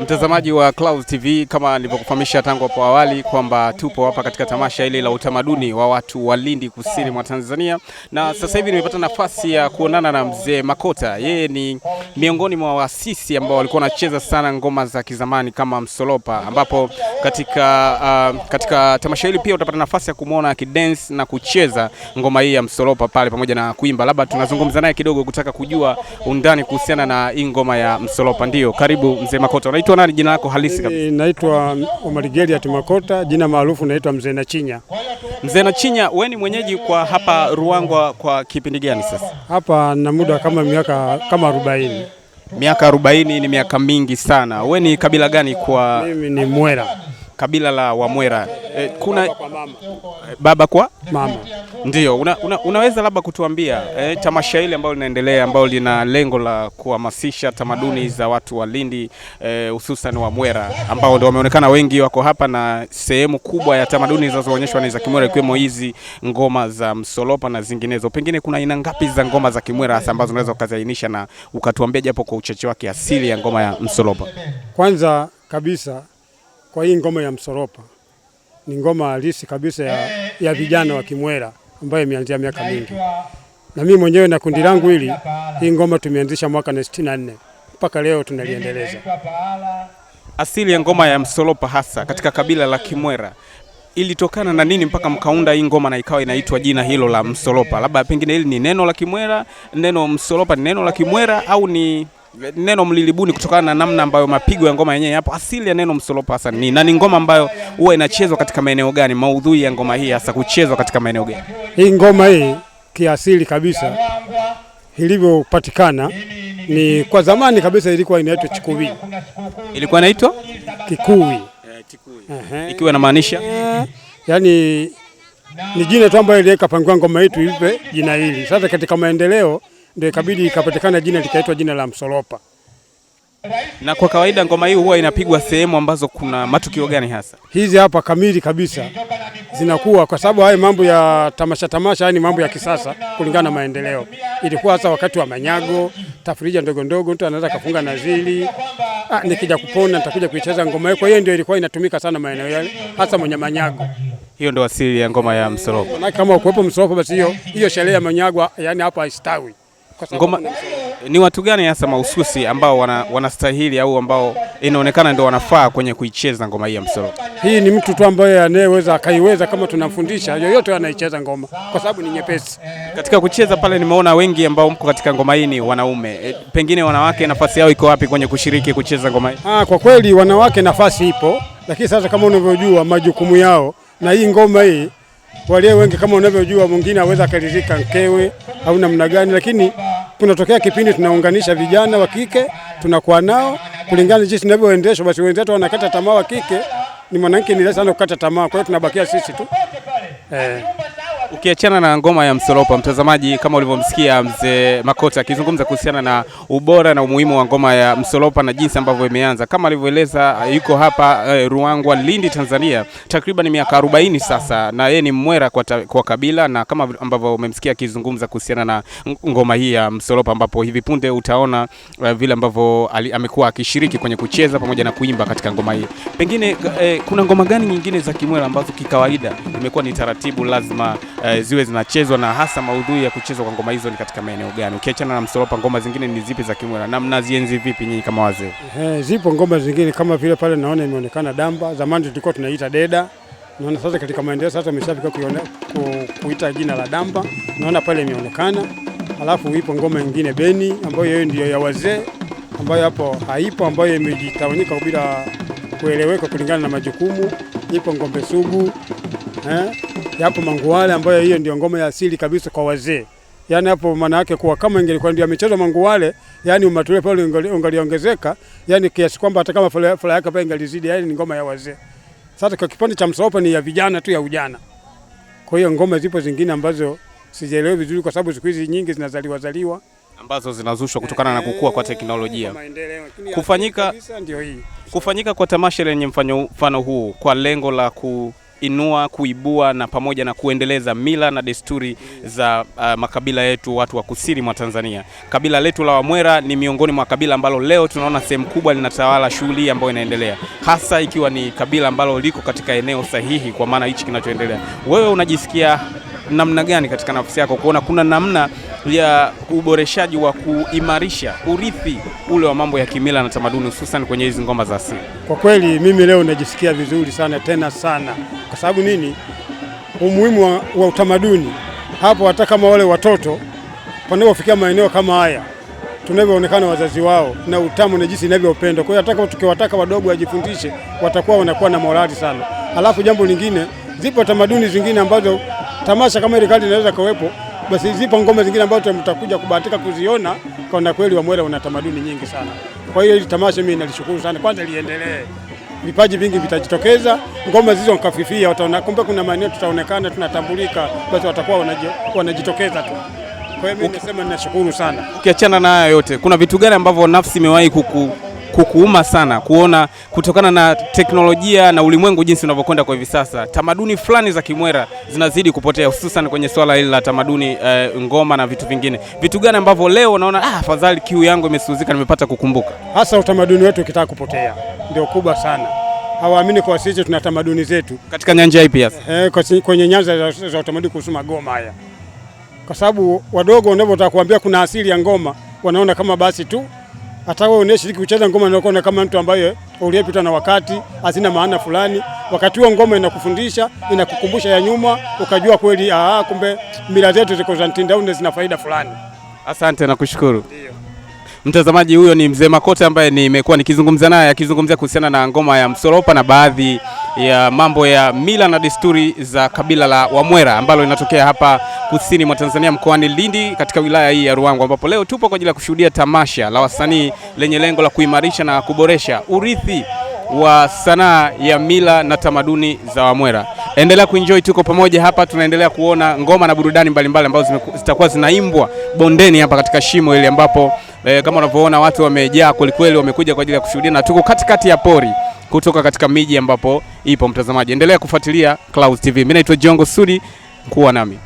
Mtazamaji wa Clouds TV, kama nilivyokufahamisha tangu hapo awali kwamba tupo hapa katika tamasha ile la utamaduni wa watu wa Lindi kusini mwa Tanzania, na sasa hivi nimepata nafasi ya kuonana na mzee Makota. Yeye ni miongoni mwa waasisi ambao walikuwa wanacheza sana ngoma za kizamani kama msolopa, ambapo katika, uh, katika tamasha hili pia utapata nafasi ya kumwona akidance na kucheza ngoma hii ya msolopa pale pamoja na kuimba. Labda tunazungumza naye kidogo kutaka kujua undani kuhusiana na hii ngoma ya msolopa. ndio karibu Mzee Makota, unaitwa nani jina lako halisi kabisa? Naitwa Omar Geriat Makota, jina maarufu naitwa Mzee Nachinya. Mzee Nachinya, wewe ni mwenyeji kwa hapa Ruangwa kwa kipindi gani sasa? Hapa na muda kama miaka kama 40. Miaka 40 ni miaka mingi sana. Wewe ni kabila gani kwa? Mimi ni Mwera kabila la Wamwera e, kuna eh, baba kwa mama, baba kwa mama. una, una, unaweza labda kutuambia e, tamasha hili ambalo linaendelea ambalo lina lengo la kuhamasisha tamaduni za watu wa Lindi hususan e, Wamwera ambao ndio wameonekana wengi wako hapa na sehemu kubwa ya tamaduni zinazoonyeshwa ni za Kimwera ikiwemo hizi ngoma za msolopa na zinginezo. Pengine kuna aina ngapi za ngoma za Kimwera hasa ambazo unaweza ukaziainisha na ukatuambia japo kwa uchache wake asili ya ngoma ya msolopa? Kwanza kabisa kwa hii ngoma ya msoropa ni ngoma halisi kabisa ya, ya vijana wa Kimwera ambayo imeanzia miaka mingi, na mimi mwenyewe na kundi langu hili, hii ngoma tumeanzisha mwaka na sitini na nne mpaka leo tunaliendeleza. Asili ya ngoma ya msoropa hasa katika kabila la Kimwera ilitokana na nini mpaka mkaunda hii ngoma na ikawa inaitwa jina hilo la msoropa? Labda pengine hili ni neno la Kimwera, neno msoropa ni neno la Kimwera au ni neno mlilibuni kutokana na namna ambayo mapigo ya ngoma yenyewe hapo. Asili ya neno msolopa hasa ni na ni ngoma ambayo huwa inachezwa katika maeneo gani? Maudhui ya ngoma hii hasa kuchezwa katika maeneo gani? Hii ngoma hii kiasili kabisa ilivyopatikana ni kwa zamani kabisa, ilikuwa inaitwa Chikuwi, ilikuwa inaitwa Kikuwi, eh, uh -huh. ikiwa inamaanisha eh, yani ni jina tu ambayo iliweka pangiwa ngoma yetu ipe jina hili. Sasa katika maendeleo ndio ikabidi ikapatikana jina likaitwa jina la Msolopa. Na kwa kawaida ngoma hii huwa inapigwa sehemu ambazo kuna matukio gani hasa? Hizi hapa kamili kabisa zinakuwa, kwa sababu haya mambo ya tamasha tamasha, ni mambo ya kisasa kulingana na maendeleo. Ilikuwa hasa wakati wa manyago, tafrija ndogo ndogo, mtu anaweza kafunga nazili, ah, nikija kupona nitakuja kuicheza ngoma hiyo. Kwa hiyo ndio ilikuwa inatumika sana maeneo yale, hasa mwenye manyago. Hiyo ndio asili ya ngoma ya Msolopa, na kama ukuwepo Msolopa, basi hiyo hiyo sherehe ya manyago, yani hapa haistawi ngoma ni watu gani hasa mahususi ambao wanastahili wana, au ambao inaonekana ndio wanafaa kwenye kuicheza ngoma hii ya msolo? Hii ni mtu tu ambaye anayeweza akaiweza, kama tunamfundisha yoyote anaicheza ngoma, kwa sababu ni nyepesi katika kucheza. Pale nimeona wengi ambao mko katika ngoma hii ni wanaume e, pengine wanawake nafasi yao iko wapi kwenye kushiriki kucheza ngoma hii? Ah, kwa kweli wanawake nafasi ipo, lakini sasa kama unavyojua majukumu yao na hii ngoma hii walio wengi kama unavyojua, mwingine aweza akaridhika mkewe au namna gani, lakini Kunatokea kipindi tunaunganisha vijana wa kike, tunakuwa nao kulingana jinsi tunavyoendeshwa, basi wenzetu wanakata tamaa, wa kike ni mwanamke ni sana kukata tamaa, kwa hiyo tunabakia sisi tu eh. Ukiachana na ngoma ya Msolopa, mtazamaji, kama ulivyomsikia mzee Makota akizungumza kuhusiana na ubora na umuhimu wa ngoma ya Msolopa na jinsi ambavyo imeanza, kama alivyoeleza, eh, yuko hapa eh, Ruangwa, Lindi, Tanzania, takriban miaka 40 sasa, na yeye ni Mwera kwa, ta, kwa kabila, na kama ambavyo umemsikia akizungumza kuhusiana na ngoma hii ya Msolopa, ambapo hivi punde utaona eh, vile ambavyo amekuwa akishiriki kwenye kucheza pamoja na kuimba katika ngoma hii. Pengine eh, kuna ngoma gani nyingine za Kimwera ambazo kikawaida imekuwa ni taratibu lazima uh, ziwe zinachezwa na hasa maudhui ya kuchezwa kwa ngoma hizo ni katika maeneo gani? Ukiachana na msoropa, ngoma zingine ni zipi za Kimwera na mnazienzi vipi nyinyi kama wazee? Eh, zipo ngoma zingine kama vile pale naona imeonekana damba, zamani tulikuwa tunaita deda naona sasa katika maendeleo sasa wameshafika kuita jina la damba, naona pale imeonekana. Alafu ipo ngoma nyingine beni, ambayo hiyo ndio ya wazee, ambayo hapo haipo, ambayo imejitawanyika bila kueleweka kulingana na majukumu. Ipo ngombe sugu eh? yapo manguwale ambayo hiyo ndio ngoma ya asili kabisa kwa wazee. Yaani hapo maana yake kuwa kama ingelikuwa ndio amecheza manguwale, yani umatulio pale ungaliongezeka, yani kiasi kwamba hata kama furaha yake pale ingalizidi, yani ni ngoma ya wazee. Sasa kwa kipande cha msaopa ni ya vijana tu ya ujana. Kwa hiyo ngoma zipo zingine ambazo sijaelewi vizuri kwa sababu siku hizi nyingi zinazaliwa zaliwa ambazo zinazushwa kutokana na kukua kwa teknolojia. Kufanyika, kufanyika kwa tamasha lenye mfano huu kwa lengo la ku kuinua, kuibua na pamoja na kuendeleza mila na desturi za uh, makabila yetu watu wa kusini mwa Tanzania. Kabila letu la Wamwera ni miongoni mwa kabila ambalo leo tunaona sehemu kubwa linatawala shughuli ambayo inaendelea, hasa ikiwa ni kabila ambalo liko katika eneo sahihi, kwa maana hichi kinachoendelea. Wewe unajisikia namna gani katika nafasi yako kuona kuna namna ya uboreshaji wa kuimarisha urithi ule wa mambo ya kimila na tamaduni hususan kwenye hizi ngoma za asili? Kwa kweli mimi leo najisikia vizuri sana tena sana, kwa sababu nini? Umuhimu wa, wa utamaduni hapo, hata kama wale watoto wanapofikia maeneo kama haya tunavyoonekana wazazi wao na utamu na jinsi inavyopendwa. Kwa hiyo hata tukiwataka wadogo wajifundishe, watakuwa wanakuwa na morali sana. Alafu jambo lingine, zipo tamaduni zingine ambazo tamasha kama ile kali inaweza kuwepo, basi zipo ngoma zingine ambazo mtakuja kubahatika kuziona, kwa kweli Wamwera una tamaduni nyingi sana. Kwa hiyo hili tamasha mimi nalishukuru sana, kwanza liendelee, vipaji vingi vitajitokeza, ngoma zizo nkafifia, wataona kumbe kuna maeneo tutaonekana tunatambulika, basi watakuwa wanajitokeza tu. Kwa hiyo mimi nasema ninashukuru sana. Ukiachana na haya yote, kuna vitu gani ambavyo nafsi imewahi kuku kukuuma sana kuona kutokana na teknolojia na ulimwengu jinsi unavyokwenda kwa hivi sasa, tamaduni fulani za Kimwera zinazidi kupotea, hususan kwenye swala hili la tamaduni eh, ngoma na vitu vingine. Vitu gani ambavyo leo naona ah, afadhali kiu yangu imesuzika, nimepata kukumbuka. Hasa utamaduni wetu ukitaka kupotea ndio kubwa sana hawaamini kwa sisi tuna tamaduni zetu katika nyanja ipi hasa? E, kwenye nyanja za, za utamaduni kuhusu magoma haya, kwa sababu wadogo wanapotaka kuambia kuna asili ya ngoma wanaona kama basi tu hata wewe unashiriki kucheza ngoma unakuwa kama mtu ambaye uliyepita na wakati, hazina maana fulani. Wakati huo ngoma inakufundisha, inakukumbusha ya nyuma, ukajua kweli, ah, kumbe mila zetu ziko za mtindaoni zina faida fulani. Asante na kushukuru. Mtazamaji huyo ni Mzee Makota ambaye nimekuwa nikizungumza naye akizungumzia kuhusiana na ngoma ya msoropa na baadhi ya mambo ya mila na desturi za kabila la Wamwera ambalo linatokea hapa kusini mwa Tanzania mkoani Lindi katika wilaya hii ya Ruangwa, ambapo leo tupo kwa ajili ya kushuhudia tamasha la wasanii lenye lengo la kuimarisha na kuboresha urithi wa sanaa ya mila na tamaduni za Wamwera. Endelea kuenjoy, tuko pamoja hapa, tunaendelea kuona ngoma na burudani mbalimbali ambazo zitakuwa zinaimbwa bondeni hapa katika shimo hili ambapo eh, kama unavyoona watu wamejaa kwelikweli, wamekuja kwa ajili ya kushuhudia na tuko katikati ya pori kutoka katika miji ambapo ipo mtazamaji. Endelea kufuatilia Clouds TV. Mimi naitwa Jongo Sudi, kuwa nami.